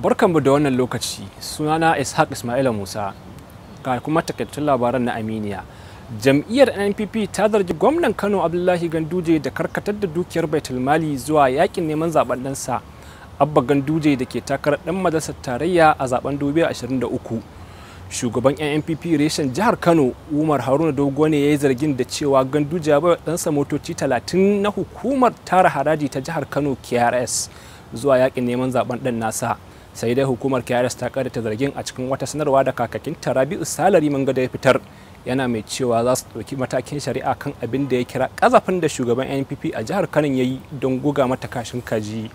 barkanmu da wannan lokaci sunana ishaq ismaila musa ga kuma takaitattun labaran na aminiya jam'iyyar npp ta zargi gwamnan kano abdullahi ganduje da karkatar da dukiyar baitulmali zuwa yakin neman zaben ɗansa abba ganduje da ke takarar ɗan majalisar tarayya a zaben 2023 shugaban npp reshen jihar kano umar haruna dogo ne ya yi zargin da cewa ganduje ya bai ɗansa motoci 30 na hukumar tara haraji ta jihar kano krs zuwa yakin neman zaben ɗan nasa sai dai hukumar kyaris ta karyata zargin a cikin wata sanarwa da kakakin tarabi'u salari manga da ya fitar yana mai cewa za su ɗauki matakin shari'a kan abin da ya kira kazafin da shugaban npp a jihar kano ya yi don guga mata kashin kaji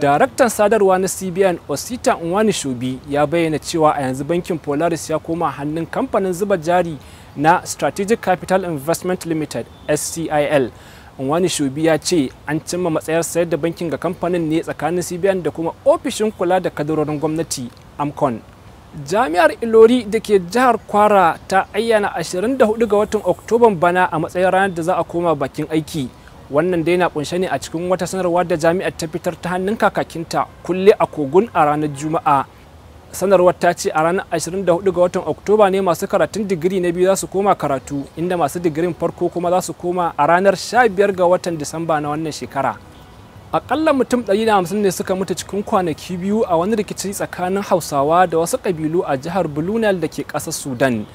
daraktan sadarwa na cbn osita nwani shubi ya bayyana cewa a yanzu bankin polaris ya koma hannun kamfanin zuba jari na strategic capital investment limited scil wani shubi ya ce an cimma matsayar sayar da bankin ga kamfanin ne tsakanin cbn da kuma ofishin kula da kadarorin gwamnati amcon jami'ar ilori da ke jihar kwara ta ayyana 24 ga watan oktoban bana a matsayin ranar da za a koma bakin aiki wannan dai na kunshe ne a cikin wata sanarwa da jami'ar ta fitar ta hannun kakakinta kulle a kogun a ranar juma'a sanarwar ta ce a ranar 24 ga watan oktoba ne masu karatun digiri na biyu za su koma karatu inda masu digirin farko kuma za su koma a ranar 15 ga watan disamba na wannan shekara akalla mutum 150 ne suka mutu cikin kwanaki biyu a wani rikici tsakanin hausawa da wasu kabilu a jihar bulunal da ke ƙasar sudan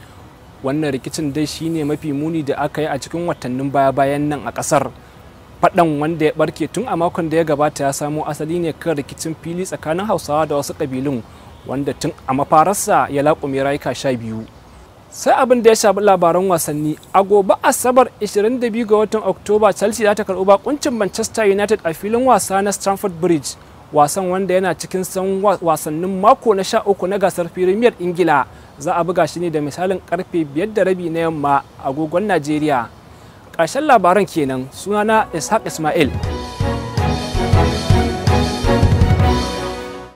wannan rikicin dai shine mafi muni da aka yi a cikin watannin baya-bayan nan a ƙasar faɗan wanda ya ɓarke tun a makon da ya gabata ya samo asali ne kan rikicin fili tsakanin hausawa da wasu ƙabilun wanda tun a mafararsa ya laƙume rayuka sha biyu sai abin da ya shafi labaran wasanni a gobe asabar 22 ga watan oktoba chelsea za ta karɓi bakuncin manchester united a filin wasa na stamford bridge wasan wanda yana cikin san wasannin mako na sha uku na gasar firimiyar ingila za a buga shi ne da misalin karfe biyar da rabi na yamma a agogon najeriya ƙarshen labaran kenan sunana ishaq ismail